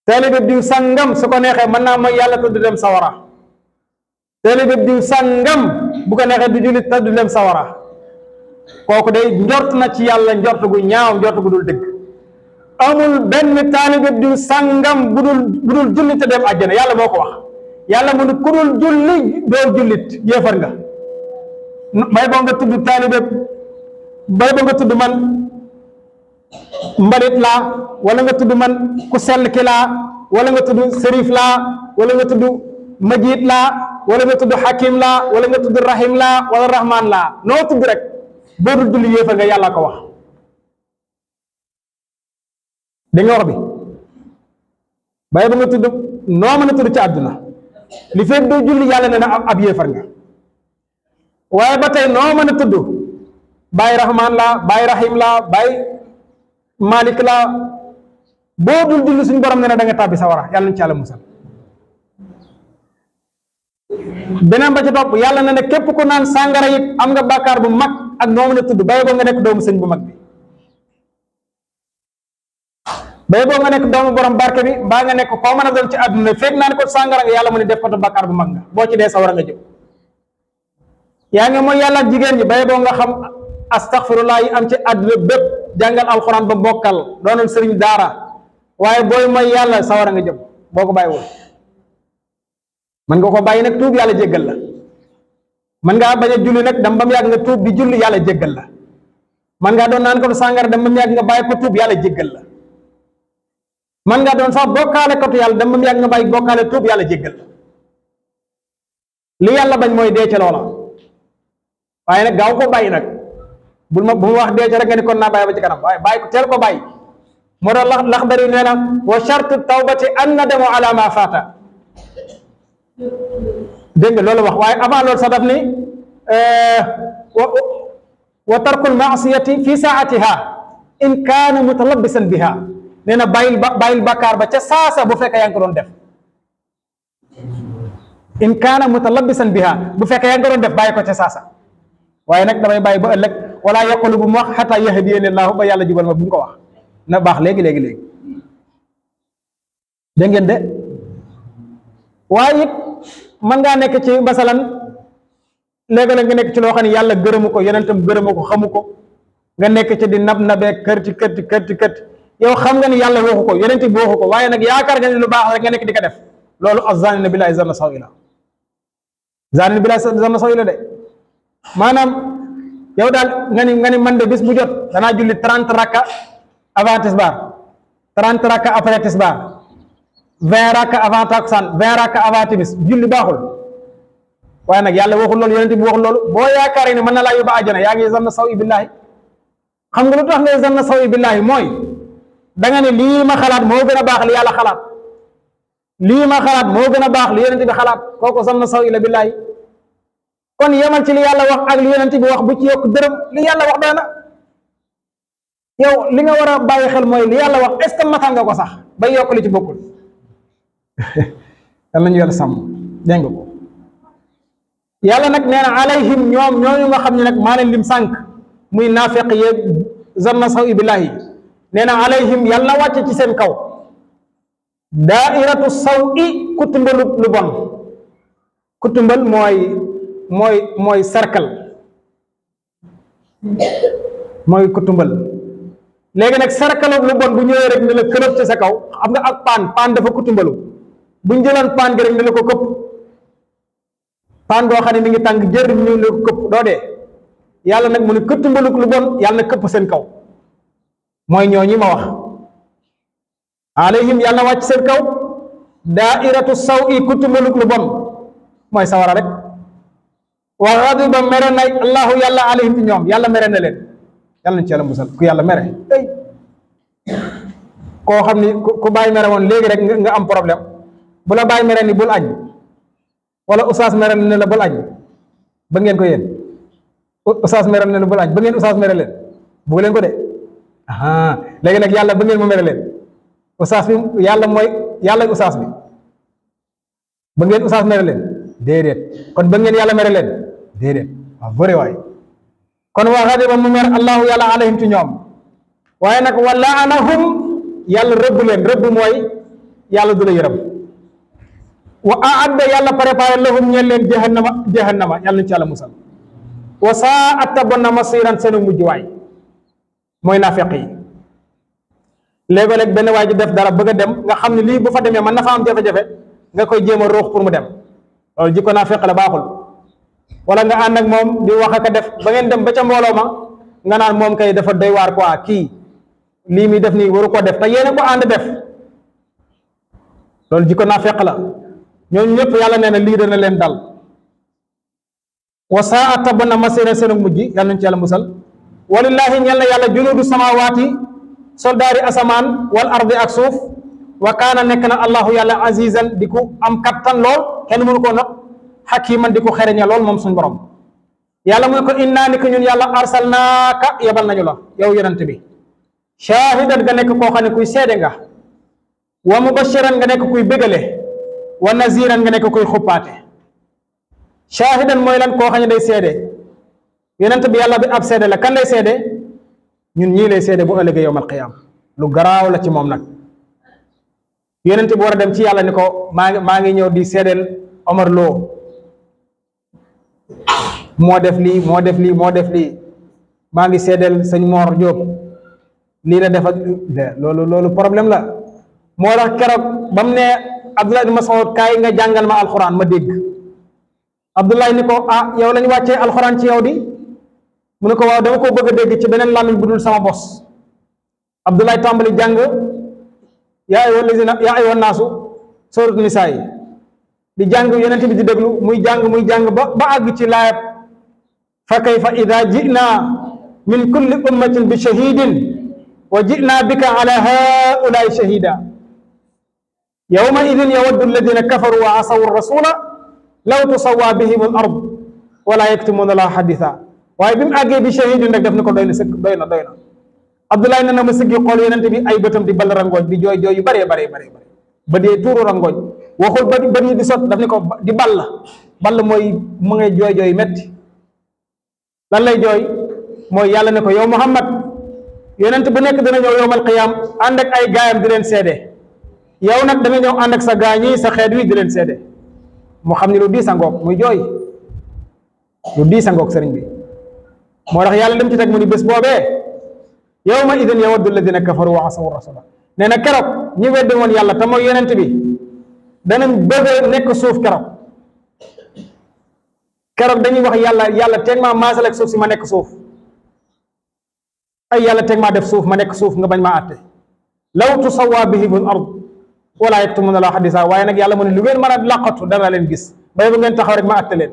taalibe diw sàngam su ko neexee mën naa mooy yàlla te du dem sawara taalibe diw sàngam bu ko neexee du jullit te du sawara kooku day njort na ci yàlla njort ñaaw njort gu dul dëgg amul benn taalibe diw sàngam bu dul bu dul jullit te dem àjjana yàlla moo ko wax yàlla mu ne ku dul julli doo jullit yéefar may boo nga tudd taalibe bay boo man mbalit la wala nga tudd man ku ki laa wala nga tudd sërif laa wala nga tudd majid laa wala nga tudd hakim laa wala nga tudd rahim laa wala rahman laa noo tudd rek boo dul yàlla ko wax da nga wax bi bàyyi ci àdduna li fekk doo julli yàlla ne na ab yéefar nga waaye ba noo mën a tudd bàyyi rahman laa rahim laa bàyyi Malick laa boo dul julli suñ borom ne na da nga tàbbi sawara yàlla nañ ci yàlla beneen ba ci topp yàlla na ne képp ku naan sàngara it am nga bàkkaar bu mag ak noo mën a tudd bay boo nga nekk doomu sëñ bu mag bi bay boo nga nekk doomu borom barke bi mbaa nga nekk koo mën a doon ci àdduna fekk naan ko sàngara nga yàlla mu ne def ko bàkkaar bu mag nga boo ci dee sawara nga jóg yaa ngi mooy yàlla jigéen ñi bay boo nga xam astaxfirullah yi am ci àdduna bépp jàngal alxuraan ba mbokkal doonoon sëriñ daara waaye booy mooy yàlla sawara nga jëm boo ko bàyyiwul man nga ko bàyyi nag tuub yàlla jéggal la mën ngaa bañ a nag dam ba yàgg nga tuub di julli yàlla jéggal la mën ngaa doon naan ko sàngara dam ba mu yàgg nga bàyyi ko yàlla jéggal la ngaa doon sax bokkaale katu yàlla dam ba mu yàgg nga bàyyi bokkaale tuub yàlla jéggal la li yàlla bañ mooy dee ca waaye nag gaaw ko bàyyi nag bul ma bu ma wax dee ca rek nga ni kon naa bàyyi ba ci kanam waaye bàyyi ko teel ko bàyyi moo tax lax lax dari nee na wa charte tawbati an na demo ala ma faata dégg nga loolu wax waaye avant loolu sax daf ni eh, wa tarkul maasiyati fi saatiha in kaana mutalabisan biha nee na bàyyil ba bàyyil bàkkaar ba ca saasa bu fekkee yaa ngi ko doon def in kaana mutalabisan biha bu fekkee yaa ngi ko doon def bàyyi ko ca saasa waaye nag damay bàyyi ba ëllëg wala yaqulu bu mu wax xataa yahdiyani laahu ba yàlla jubal ma bu mu wax na baax léegi léegi léegi ngeen de waaye it mën ngaa nekk ci masalan léeg-léeg nga nekk ci loo xam ne yàlla gërëmu ko yonentam gërëmu ko xamu ko nga nekk ci di nab nabee kërti kërti kërti kërti yow xam nga ni yàlla waxu ko yonent bi waxu ko waaye nag yaakaar nga ni baax rek nga nekk di ko def loolu as zanina billahi zanna saw ila zanina billahi zanna saw ila de maanaam yow daal nga ni nga ni man de bis bu jot danaa julli trent rakka avant tisbaar trente rakka après tisbaar vingt rakka avant takkusaan vingt rakka avant timis julli baaxul waaye nag yàlla waxul loolu yonent bi waxul loolu boo yaakaaree ne mën na laa yóbbu àjjana yaa ngi zanna saw i billaahi xam nga lu tax ngay zanna saw i billaahi mooy da nga ne lii ma xalaat moo gën baax li yàlla xalaat lii ma xalaat moo gën baax li yonent bi xalaat kooku zanna saw i la kon yemal ci li yàlla wax ak li yonent bi wax bu ci yokk dërëm li yàlla wax doy yow li nga war a bàyyi xel mooy li yàlla wax est ce ko sax ba yokk li ci bokkul yal nañu yàlla sàmm dégg ko yàlla nag nee na alayhim ñoom ñooñu nga xam ne nag maa leen lim sànq muy naafeq yeeg zanna saw ibillaahi nee na alayhim yàlla wàcce ci seen kaw daairatu saw i ku lu bon ku mooy mooy mooy cercle mooy ku tumbal léegi nag cercle lu bon bu ñëwee rek ne la këlëf sa kaw xam nga ak paan paan dafa ku tumbalu bu ñu jëloon paan gi rek ne la ko këpp paan goo xam ne mi ngi tàng jër ñu ne ko këpp doo dee yàlla nag mu ne ku tumbaluk lu bon yàlla na këpp seen kaw mooy ñooñi ma wax alayhim yàlla na wàcc seen kaw daairatu saw i ku tumbaluk lu bon mooy sawara rek wa ghadiba mere na allahu yàlla alayhim ci ñoom yàlla mere na leen yàlla nañ ci yàlla musal ku yàlla mere ay koo xam ni ku bàyyi mere woon léegi rek nga am problème bu la bàyyi ni bul añ wala oustaz mere ne la bul añ ba ngeen ko yéen oustaz mere ne la bul ba ngeen oustaz mere leen bu leen ko de nag yàlla ba ngeen mu mere leen oustaz bi yàlla mooy yàlla oustaz bi ba ngeen oustaz mere kon ba ngeen yàlla mere leen déedéet waaw bëri waay kon wa xadiba mu mer allahu yàlla alayhim ci ñoom waaye nag wa laanahum yàlla rëbb leen rëbb mooy yàlla du la yërëm wa aadda yàlla préparé lahum ñeen leen jahannama jahannama yàlla nañu ci wa saa atta bon na masiran seenu mujj waay mooy naafeq yi léeg-léeg benn waay ji def dara bëgg a dem nga xam ne lii bu fa demee man na fa am jafe nga koy jéem a ruux pour mu dem loolu jikko naafeq la baaxul wala nga ànd moom di wax def ba ngeen dem ba ca mbooloo ma nga naan moom kay dafa doy waar quoi kii lii muy def nii waru ko def te yéen ko ànd def loolu jikko naa feq la ñooñu ñëpp yàlla nee na lii na leen dal wa saa a tab na masira seen mujj yàlla nañ ci yàlla musal walillaahi ñel na yàlla junuudu samaawaati soldaari asamaan wal ardi ak suuf wa kaana nekk na allahu yàlla azizan di ku am kattan lool kenn mënu koo not xakiman di ko xereñe lool moom suñ borom yàlla muy ko innaa ni ko ñun yàlla arsalnaaka yebal nañu la yow yonent bi shaahidan nga nekk koo xam ne kuy seede nga wa mubashiran nga nekk kuy bégale wa naziran nga nekk kuy xuppaate shaahidan mooy lan koo xam ne day seede yonent bi yàlla bi ab seede la kan lay seede ñun ñii lay seede bu ëllëgee yowmal qiyaam lu garaaw la ci moom nag yonent bi war dem ci yàlla ni ko maa ngi maa ngi ñëw di seedeel Omar Lo moo def lii moo def lii moo def lii maa ngi seedeel sëñ Mor Diop lii la def loolu loolu problème la moo tax keroog ba mu ne Abdullah ibn Mas'ud kaay nga jàngal ma alxuraan ma dégg Abdullah ni ko ah yow lañ wàccee alxuraan ci yow di mu ne ko waaw dama ko bëgg a dégg ci beneen làmmiñ bu dul sama bos Abdullah tàmbali jàng yaa ayyuhan naasu suuratu nisaa yi di jàng yonent bi di déglu muy jàng muy jàng ba ba àgg ci laayab fa kayfa ida jinaa min kulli ummatin bi shahidin wa jinaa bika ala haulaai shahida yawma idin yawaddu alladina kafaru wa asaw rasula law tusawwa bihim al ard wala yaktumuna la xaditha waaye bi mu àggee bi shahidin rek def na ko doy na sëkk doy na doy na abdoulaye nee na ma siggi xool yonent bi ay bëtam di bal rangooj di jooy jooy yu baree baree baree bare ba dee tuuru rangooj waxul ba bët yi di sot daf ne ko di ball ball mooy mu ngay jooy jooy metti lan lay jooy mooy yàlla ne ko yow muhammad yonent bu nekk dana ñëw yowmal qiyaam ànd ak ay gaayam di leen seede yow nag danga ñëw ànd ak sa gaañ yi sa xeet wi di leen seede moo xam ne lu diis a ngoog muy jooy lu diis a ngoog sëriñ bi moo tax yàlla dem ci teg mu ni bés boobee yawma idin yawaddu alladina kafaru wa asawu rasula nee na keroog ñi weddi woon yàlla te mooy yonent bi danañ bëgg nekk suuf keroog keroog dañuy wax yàlla yàlla teg maa maasal ak suuf si ma nekk suuf ay yàlla teg maa def suuf ma nekk suuf nga bañ maa àtte law tusawwa bihimul ard wala yaktumuna la xadisa waaye nag yàlla mu ne lu ngeen mën a làqatu dana leen gis bay bu ngeen taxaw rek ma àtte leen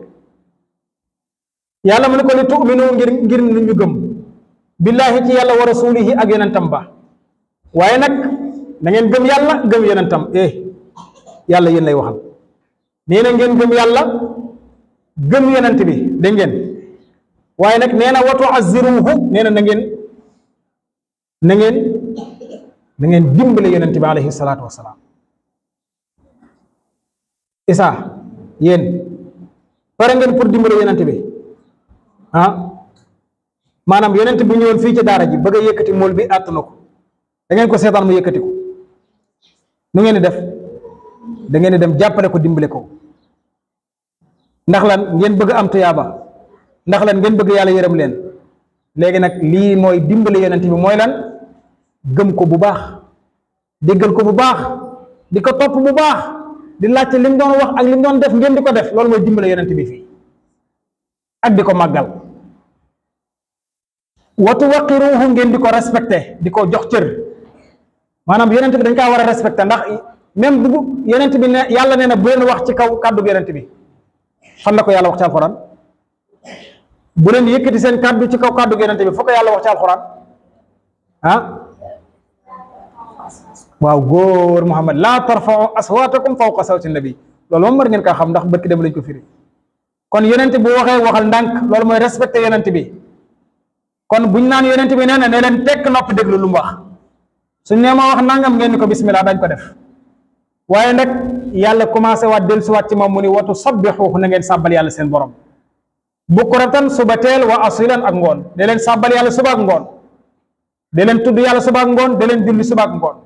yàlla mu ne ko li tu'minu ngir ngir nu ñu gëm billaahi ci yàlla wa rasulihi ak yonentam ba waaye nag na gëm yàlla gëm yonentam eh yàlla yéen lay waxal nee na ngeen gëm yàlla gëm yonent bi dégg ngeen waaye nag nee na watu aziruhu nee na na ngeen na ngeen na ngeen dimbale yonent bi alayhi salaatu wasalaam isa yéen pare ngeen pour dimbale yonent bi ah maanaam yonent bu ñëwoon fii ci daara ji bëgg a yëkkati mool bi àtt na ko da ngeen ko seetaan mu yëkkati ko nu ngeen di def da ngeen di dem jàppale ko dimbale ko ndax lan ngeen bëgg am tuyaaba ndax lan ngeen bëgg yàlla yërëm leen léegi nag lii mooy dimbale yonent bi mooy lan gëm ko bu baax gël ko bu baax di ko topp bu baax di laajte lim mu doon wax ak li doon def ngeen di ko def loolu mooy dimbale yonent bi fii ak di ko màggal watu waqiruhu ngeen di ko respecté di ko jox cër maanaam yonent bi dañ kaa war a respecté ndax même bu yonent bi ne yàlla nee na bu wax ci kaw kàddu gi yonent bi fan la ko yàlla wax ci alxuraan bu leen yëkkati seen kàddu ci kaw kàddu gi yonent bi foo ko yàlla wax ci alxuraan ah waaw góor Muhammad laa tarfau aswaatakum fawqa sawti nabi loolu moom war ngeen kaa xam ndax bëkk dem lañ ko firi kon yonent bu waxee waxal ndànk loolu mooy respecté yonent bi kon buñ naan yonent bi nee na ne leen tekk nopp déglu lu mu wax suñ nee ma wax nangam ngeen ni ko bismillah dañ ko def waaye nag yàlla commencé waat dellusiwaat ci moom mu ni watu sabbixu na ngeen sàbbal yàlla seen borom bukratan suba teel wa asilan ak ngoon da leen sàbbal yàlla suba ak ngoon da leen tudd ngoon da leen julli suba ak ngoon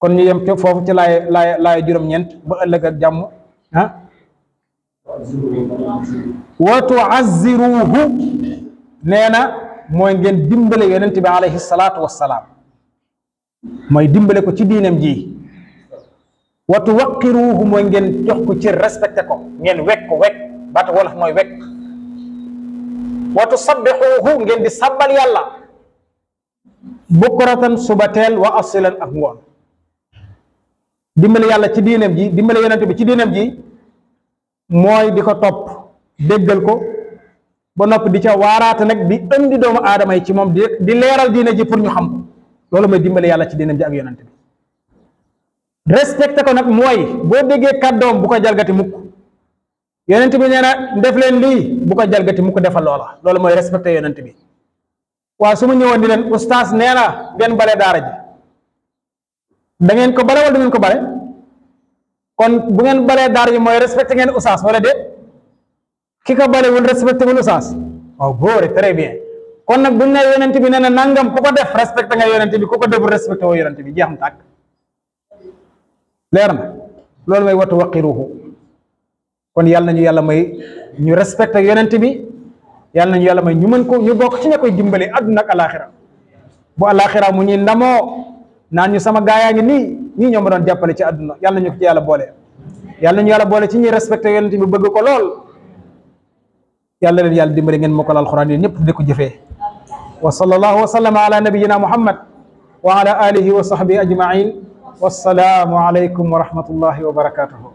kon ñu yem foofu ci laay laay juróom-ñeent ba ëllëg ak jàmm ah wa tuazziruhu nee na mooy ngeen dimbale yonent bi alayhi salaatu wassalaam mooy dimbale ko ci diinam ji wa tuwaqiruhu mooy ngeen jox ko ci respecté ko ngeen wekk ko wekk baatu wolof mooy wekk wa tusabbixuhu ngeen di sabbal yàlla bukratan suba teel wa asilan ak ngoon dimbale yàlla ci diinam ji dimbale yonent bi ci diinam ji mooy di ko topp déggal ko ba noppi di ca waaraate nag di indi doomu aadama yi ci moom di leeral diina ji pour ñu xam ko loolu mooy dimbale yàlla ci diinam ji ak yonent bi respecté ko nag mooy boo déggee kàddoom bu ko jalgati mukk yonent bi nee na def leen lii bu ko jalgati mukk defal loola loolu mooy respecté yonent bi waaw su ma ñëwoon di leen ustaas nee na ngeen bale daara ji da ngeen ko bale wala du ko bale kon bu ngeen balee daara ji mooy respecté ngeen ustaas wala de ki ko balewul respecté wul ustaas waaw boore très bien kon nag buñ ne yonent bi nee na nangam ku ko def respecté nga yonent bi ku ko deful respecté bi jeex na tàkk leer na loolu mooy watu waqiruhu kon yàlla ñu yàlla may ñu respecté yonent bi yàlla nañu yàlla may ñu mën ko ñu bokk ci ña koy dimbale àdduna ak alaxira bu alaxira mu ñuy ndamoo naan ñu sama gaayaa ngi nii ñii ñoo ma jàppale ci àdduna yàlla nañu ko ci yàlla boole yàlla nañu boole ci ñu respecté yonent bi bëgg ko lool yàlla leen yàlla dimbale ngeen mokkal alxuraan yi ñëpp di ko jëfe wa sallallahu ala nabiyina muhammad wa ala wa sahbihi ajmain wassalaamu aleykum wa rahmatullahi wa barakatuhu